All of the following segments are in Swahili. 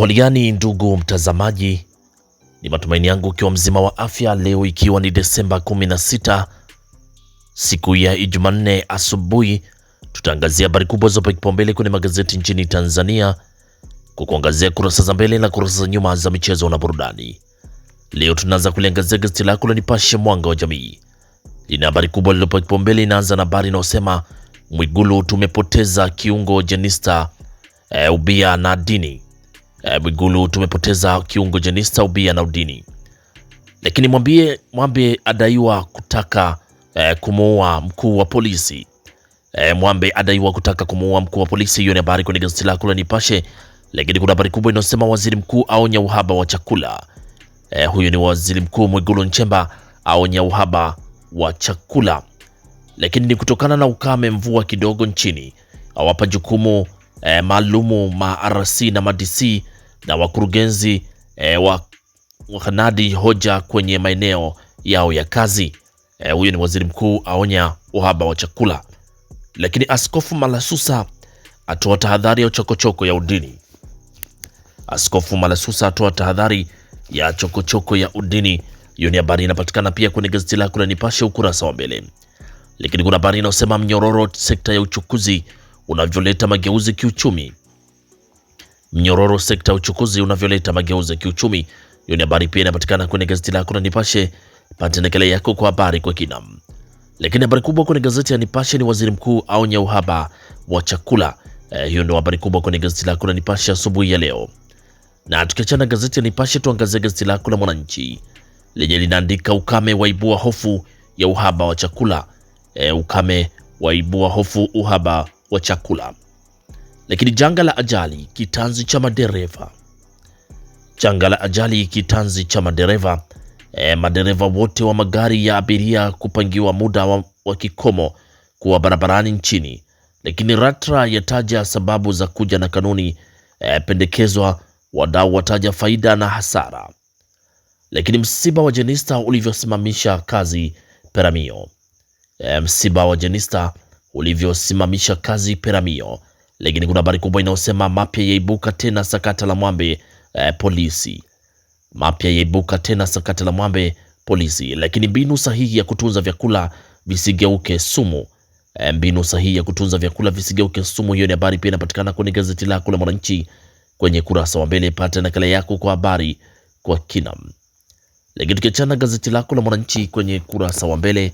holiani ndugu mtazamaji, ni matumaini yangu ukiwa mzima wa afya leo, ikiwa ni Desemba 16 siku ya Ijumanne asubuhi, tutaangazia habari kubwa zopa kipaumbele kwenye magazeti nchini Tanzania kwa kuangazia kurasa za mbele na kurasa za nyuma za michezo na burudani. Leo tunaanza kuliangazia gazeti lako la Nipashe Mwanga wa Jamii, lina habari kubwa lililopa kipaumbele. Inaanza na habari inayosema Mwigulu tumepoteza kiungo Jenista e, ubia na dini e, Mwigulu tumepoteza kiungo Jenista Ubia na udini, lakini mwambie mwambie adaiwa kutaka e, kumuua mkuu wa polisi e, eh, Mwambe adaiwa kutaka kumuua mkuu wa polisi. Hiyo ni habari kwenye gazeti lako la Nipashe, lakini kuna habari kubwa inayosema waziri mkuu aonya uhaba wa chakula. E, huyu ni waziri mkuu Mwigulu Nchemba aonya uhaba wa chakula, lakini ni kutokana na ukame, mvua kidogo nchini awapa jukumu e, maalumu ma RC na ma DC na wakurugenzi e, wa wakanadi hoja kwenye maeneo yao ya kazi. Eh, huyo e, ni waziri mkuu aonya uhaba wa chakula, lakini Askofu Malasusa atoa tahadhari ya chokochoko ya udini. Askofu Malasusa atoa tahadhari ya chokochoko ya udini. Hiyo ni habari inapatikana pia kwenye gazeti lako la Nipashe ukurasa wa mbele, lakini kuna habari inayosema mnyororo sekta ya uchukuzi unavyoleta mageuzi kiuchumi mnyororo sekta ya uchukuzi unavyoleta mageuzi ya kiuchumi. Hiyo ni habari pia inapatikana kwenye gazeti lako la Nipashe. Pata nakala yako kwa habari kwa kina. Lakini habari kubwa kwenye gazeti ya Nipashe ni waziri mkuu aonya uhaba wa chakula. Eh, hiyo ndio habari kubwa kwenye gazeti lako la Nipashe asubuhi ya leo. Na tukiachana gazeti ya Nipashe, tuangazie gazeti lako la Mwananchi lenye linaandika ukame waibua hofu ya uhaba wa chakula. Eh, ukame waibua hofu uhaba wa chakula. Lakini janga la ajali kitanzi cha madereva, janga la ajali kitanzi cha madereva. E, madereva wote wa magari ya abiria kupangiwa muda wa, wa kikomo kuwa barabarani nchini. Lakini ratra yataja sababu za kuja na kanuni e, pendekezwa. Wadau wataja faida na hasara. Lakini msiba wa Jenista ulivyosimamisha kazi Peramio. E, msiba wa Jenista ulivyosimamisha kazi Peramio. Lakini kuna habari kubwa inayosema mapya yaibuka tena sakata la Mwambe eh, polisi. Mapya yaibuka tena sakata la Mwambe polisi. Lakini mbinu sahihi ya kutunza vyakula visigeuke sumu. eh, mbinu sahihi ya kutunza vyakula visigeuke sumu. Hiyo ni habari pia inapatikana kwenye gazeti lako la Mwananchi kwenye kurasa wa mbele. Pata nakala yako kwa habari kwa kina. Lakini tukiachana gazeti lako la Mwananchi kwenye kurasa wa mbele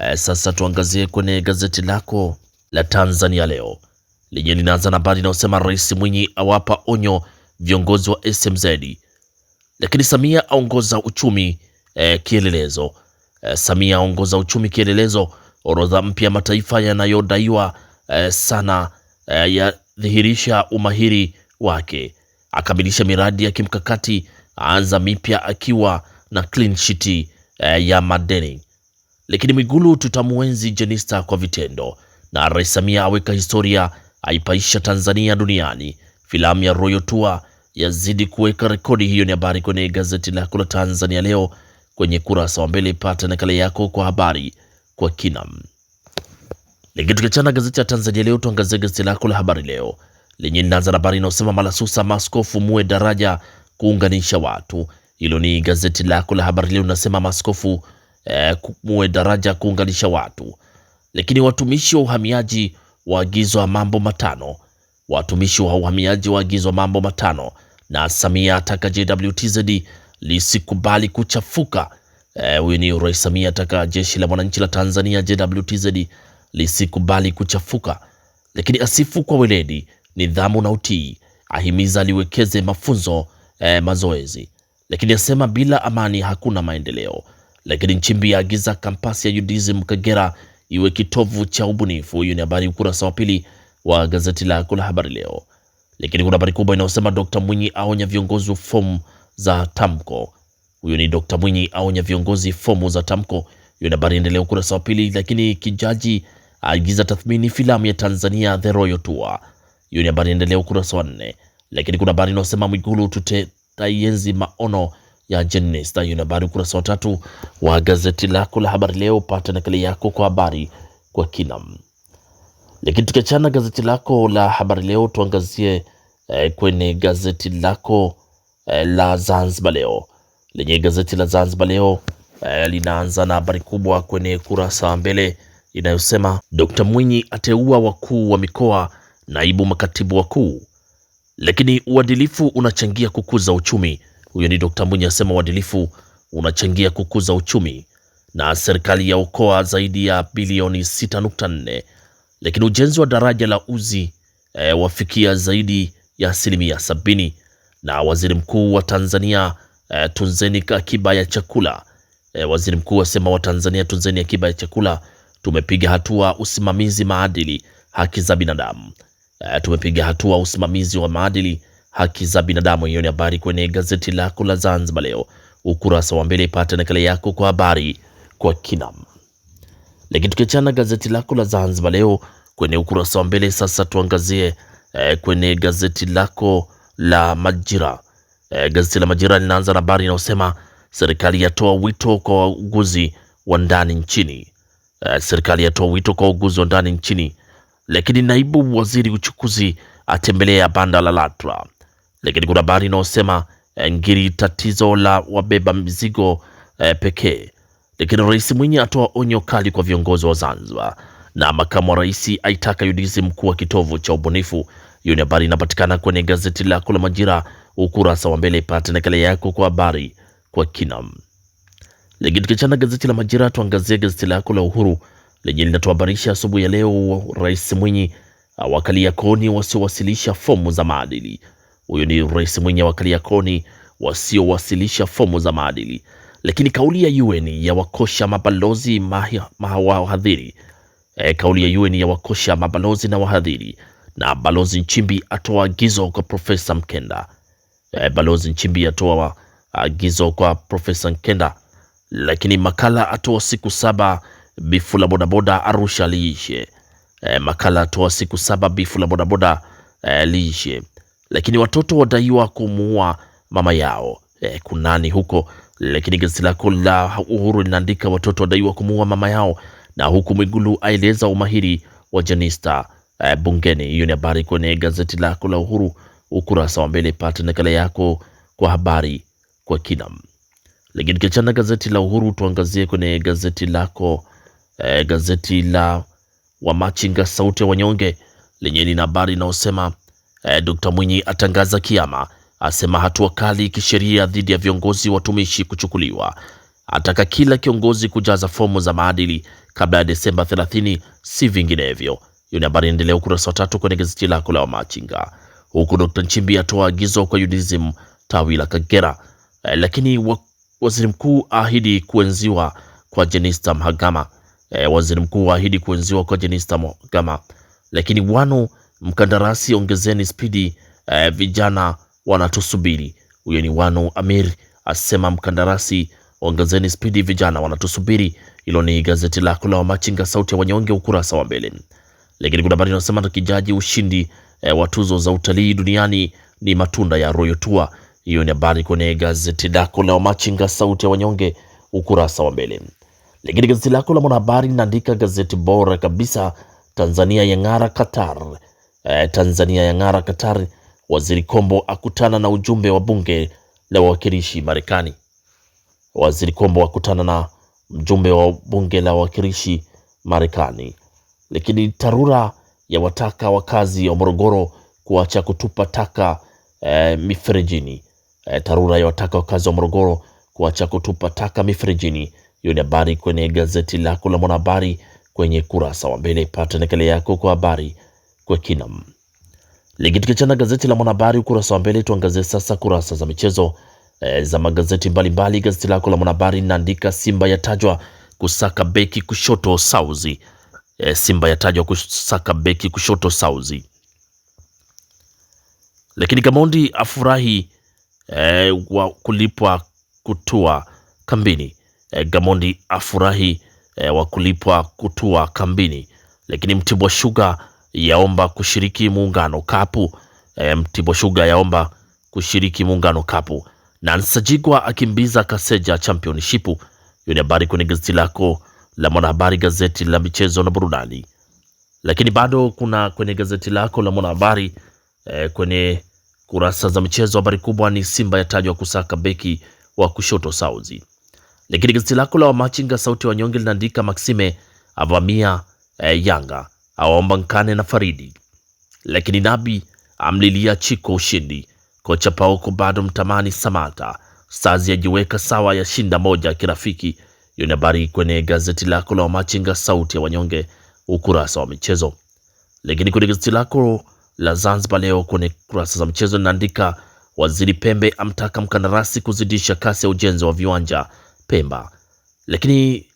eh, sasa tuangazie kwenye gazeti lako la Tanzania Leo lenye linaanza na habari inayosema Rais Mwinyi awapa onyo viongozi wa SMZ, lakini Samia aongoza uchumi e, kielelezo e, Samia aongoza uchumi kielelezo. Orodha mpya ya mataifa yanayodaiwa e, sana e, yadhihirisha umahiri wake. Akamilisha miradi ya kimkakati aanza mipya akiwa na clean sheet e, ya madeni. Lakini Mwigulu tutamwenzi Jenista kwa vitendo, na Rais Samia aweka historia aipaisha Tanzania duniani. Filamu ya Royal Tour yazidi kuweka rekodi. Hiyo ni habari kwenye gazeti lako la Tanzania Leo kwenye kurasa wa mbele. Pata nakala yako kwa habari kwa kina. Tukiachana gazeti la Tanzania Leo, tuangazie gazeti lako la Habari Leo lenye inaanza na habari inayosema malasusa maskofu muwe daraja kuunganisha watu. Hilo ni gazeti lako la Habari Leo linasema maskofu eh, muwe daraja kuunganisha watu. Lakini watumishi wa uhamiaji waagizwa mambo matano, watumishi wa uhamiaji waagizwa mambo matano, na Samia ataka JWTZ lisikubali kuchafuka. Eh, huyu e, ni Rais Samia ataka jeshi la mwananchi la Tanzania JWTZ lisikubali kuchafuka, lakini asifu kwa weledi, nidhamu na utii, ahimiza liwekeze mafunzo e, mazoezi, lakini asema bila amani hakuna maendeleo. Lakini Nchimbi aagiza kampasi ya UDSM Kagera iwe kitovu cha ubunifu. Hiyo ni habari ukurasa wa pili wa gazeti lako la habari leo, lakini kuna habari kubwa inayosema Dr. Mwinyi aonya viongozi fomu za Tamko. Huyo ni Dr. Mwinyi aonya viongozi fomu za Tamko. Hiyo ni habari endelea ukurasa wa pili. Lakini Kijaji aagiza tathmini filamu ya Tanzania The Royal Tour. Hiyo ni habari endelea ukurasa wa nne. Lakini kuna habari inayosema Mwigulu tutaienzi maono ya Jenista. Hiyo ni habari ukurasa wa tatu wa gazeti lako la habari leo, pata nakala yako kwa habari kwa kina. Lakini tukiachana gazeti lako la habari leo, tuangazie eh, kwenye gazeti lako eh, la Zanzibar leo lenye gazeti la Zanzibar leo eh, linaanza na habari kubwa kwenye kurasa mbele inayosema Dr. Mwinyi ateua wakuu wa mikoa, naibu makatibu wakuu. Lakini uadilifu unachangia kukuza uchumi, huyo ni d Mwinyi asema uadilifu unachangia kukuza uchumi, na serikali ya ukoa zaidi ya bilioni 6.4, lakini ujenzi wa daraja la Uzi e, wafikia zaidi ya asilimia sabini, na waziri mkuu wa Tanzania e, tunzeni akiba ya chakula e, waziri mkuu asema wa Tanzania tunzeni akiba ya chakula. Tumepiga hatua usimamizi maadili haki za binadamu e, tumepiga hatua usimamizi wa maadili haki za binadamu. Hiyo ni habari kwenye gazeti lako la Zanzibar Leo ukurasa wa mbele, ipate nakala yako kwa habari kwa kina. Lakini tukiachana gazeti lako la Zanzibar Leo kwenye ukurasa wa mbele, sasa tuangazie eh, kwenye gazeti lako la Majira. Eh, gazeti la Majira linaanza na habari inayosema serikali yatoa wito kwa wauguzi wa ndani nchini. Eh, serikali yatoa wito kwa wauguzi wa ndani nchini. Lakini naibu waziri uchukuzi atembelea banda la Latra lakini kuna habari inayosema eh, ngiri tatizo la wabeba mizigo eh, pekee. Lakini Rais Mwinyi atoa onyo kali kwa viongozi wa Zanzibar na makamu wa rais aitaka yudizi mkuu wa kitovu cha ubunifu. Hiyo ni habari inapatikana kwenye gazeti lako la Majira ukurasa wa mbele, ipate nakala yako kwa habari kwa kinam. Lakini tukichana gazeti la Majira, tuangazie gazeti lako la Uhuru lenye linatuhabarisha asubuhi ya leo, Rais Mwinyi awakalia ah, koni wasiowasilisha fomu za maadili Huyu ni rais mwenye wa Kariakoni wasiowasilisha fomu za maadili. Lakini kauli ya UN ya wakosha mabalozi mawahadhiri e, kauli ya UN ya wakosha mabalozi na wahadhiri. Na balozi Nchimbi atoa agizo kwa Profesa Mkenda e, balozi Nchimbi atoa agizo kwa Profesa Mkenda. Lakini makala atoa siku saba bifu la bodaboda Arusha liishe. E, makala atoa siku saba bifu la bodaboda e, liishe lakini watoto wadaiwa kumuua mama yao e, eh, kunani huko. Lakini gazeti lako la Uhuru linaandika watoto wadaiwa kumuua mama yao, na huku Mwigulu aeleza umahiri wa Janista e, bungeni. Hiyo ni habari kwenye gazeti lako la Uhuru ukurasa wa mbele. Pata nakala yako kwa habari kwa kina. Lakini kichana gazeti la Uhuru tuangazie kwenye gazeti lako e, gazeti la Wamachinga sauti ya wanyonge lenye lina habari inayosema E, eh, Dkt. Mwinyi atangaza kiama, asema hatua kali kisheria dhidi ya viongozi watumishi kuchukuliwa, ataka kila kiongozi kujaza fomu za maadili kabla ya Desemba 30, si vinginevyo. Hiyo ni habari inaendelea ukurasa wa tatu kwenye gazeti lako la Wamachinga, huku Dkt. Nchimbi atoa agizo kwa UDSM tawi la Kagera. E, lakini wa, waziri mkuu ahidi kuenziwa kwa Jenista Mhagama. E, waziri mkuu ahidi kuenziwa kwa Jenista Mhagama, lakini wano mkandarasi, ongezeni spidi eh, vijana wanatusubiri. Huyo ni Wanu Amir asema mkandarasi, ongezeni spidi vijana wanatusubiri. Hilo ni gazeti lako la Wamachinga sauti ya wanyonge ukurasa wa mbele. Lakini kuna habari inasema tukijaji ushindi eh, wa tuzo za utalii duniani ni matunda ya Royal Tour. Hiyo ni habari kwenye gazeti lako la Wamachinga sauti ya wanyonge ukurasa wa mbele. Lakini gazeti lako la Mwanahabari linaandika gazeti bora kabisa Tanzania yang'ara Qatar, eh, Tanzania ya ng'ara Katari, Waziri Kombo akutana na ujumbe wa bunge la wawakilishi Marekani. Waziri Kombo akutana na mjumbe wa bunge la wawakilishi Marekani. Lakini TARURA yawataka wakazi wa Morogoro kuacha kutupa taka eh, mifrejini. Eh, TARURA wataka wakazi wa Morogoro kuacha kutupa taka mifrejini. Hiyo ni habari kwenye gazeti lako la Mwanahabari kwenye kurasa wa mbele. Pata nakala yako kwa habari kwa kina. Ligi tukichana gazeti la Mwanahabari ukurasa wa mbele, tuangazie sasa kurasa za michezo e, za magazeti mbalimbali mbali. Gazeti lako la Mwanahabari linaandika Simba yatajwa kusaka beki kushoto sauzi e, Simba yatajwa kusaka beki kushoto sauzi, lakini Gamondi afurahi e, wa kulipwa kutua kambini e, Gamondi afurahi e, wa kulipwa kutua kambini, lakini Mtibwa Sugar yaomba kushiriki muungano kapu. E, Mtibwa Shuga yaomba kushiriki muungano kapu. na Nsajigwa akimbiza Kaseja championship. Hiyo ni habari kwenye gazeti lako la Mwanahabari, gazeti la michezo na burudani. Lakini bado kuna kwenye gazeti lako la Mwanahabari e, kwenye kurasa za michezo, habari kubwa ni Simba yatajwa kusaka beki wa kushoto Sauzi. Lakini gazeti lako la Wamachinga sauti ya wanyonge linaandika Maxime avamia e, Yanga awaomba Nkane na Faridi, lakini Nabi amlilia Chiko ushindi. Kocha Paoko bado mtamani Samata. Stars yajiweka sawa ya shinda moja kirafiki. Hiyo ni habari kwenye gazeti lako la Wamachinga sauti ya wanyonge ukurasa wa michezo. Lakini kwenye gazeti lako la Zanzibar leo kwenye kurasa za michezo linaandika Waziri Pembe amtaka mkandarasi kuzidisha kasi ya ujenzi wa viwanja Pemba. Lakini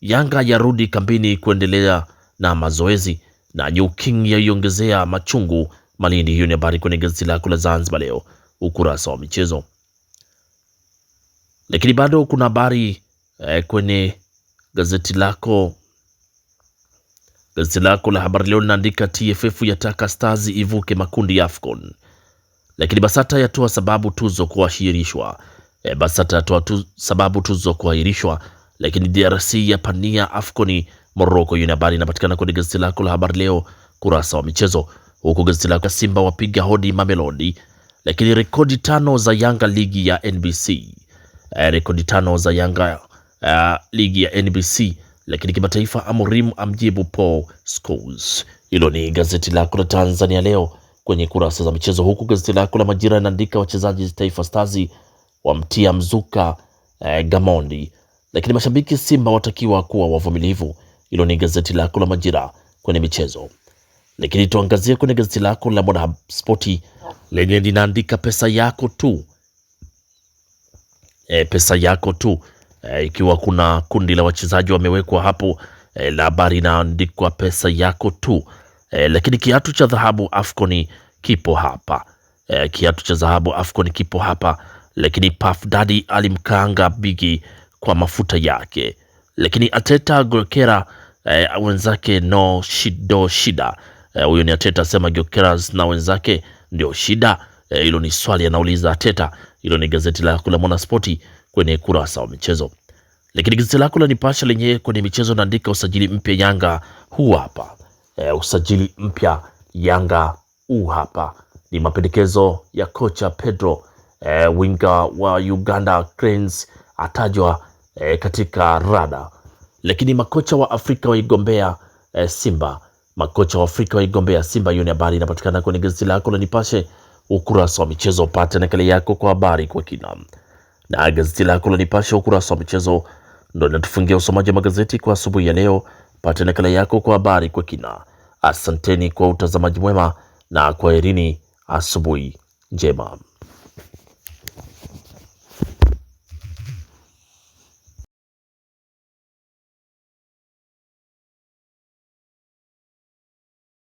Yanga yarudi kambini kuendelea na mazoezi na Joe King yaiongezea machungu Malindi. Hiyo ni habari kwenye gazeti lako la Zanzibar leo ukurasa wa michezo, lakini bado kuna habari eh, kwenye gazeti lako gazeti lako la habari leo linaandika TFF yataka Stars ivuke makundi ya Afcon, lakini Basata yatoa sababu tuzo kuahirishwa. E, Basata yatoa tu sababu tuzo kuahirishwa, lakini DRC yapania Afconi Morocco. Hiyo ni habari inapatikana kwenye gazeti lako la habari leo kurasa wa michezo, huku gazeti lako Simba wapiga hodi Mamelodi, lakini rekodi tano za Yanga ligi ya NBC, eh, rekodi tano za Yanga uh, ligi ya NBC. Lakini kimataifa Amorim amjibu Paul Scholes. Hilo ni gazeti lako la Tanzania leo kwenye kurasa za michezo, huku gazeti lako la Majira inaandika wachezaji Taifa Stars wamtia mzuka eh, Gamondi, lakini mashabiki Simba watakiwa kuwa wavumilivu. Hilo ni gazeti lako la Majira kwenye michezo, lakini tuangazie kwenye gazeti lako la Mwanaspoti lenye linaandika pesa yako tu e, pesa yako tu e, ikiwa kuna kundi la wachezaji wamewekwa hapo e, la habari inaandikwa pesa yako tu e, lakini kiatu cha dhahabu Afcon kipo hapa e, kiatu cha dhahabu Afcon kipo hapa, lakini Puff Daddy alimkaanga Bigi kwa mafuta yake, lakini Ateta gokera eh, wenzake no shido shida eh, huyo e, ni Ateta asema Gyökeres na wenzake ndio shida eh, hilo. E, ni swali anauliza Ateta. Hilo ni gazeti lako la Mwanaspoti kwenye kurasa wa michezo, lakini gazeti lako la Nipashe lenyewe kwenye michezo naandika usajili mpya Yanga huu hapa eh, usajili mpya Yanga huu hapa ni mapendekezo ya kocha Pedro eh, winga wa Uganda Cranes atajwa eh, katika rada lakini makocha wa Afrika waigombea e, Simba. Makocha wa Afrika waigombea Simba. Hiyo ni habari inapatikana kwenye gazeti lako la Nipashe ukurasa wa michezo, upate nakala yako kwa habari kwa kina. Na gazeti lako la Nipashe ukurasa wa michezo ndo linatufungia usomaji wa magazeti kwa asubuhi ya leo. Pate nakala yako kwa habari kwa kina. Asanteni kwa utazamaji mwema na kwaherini, asubuhi njema.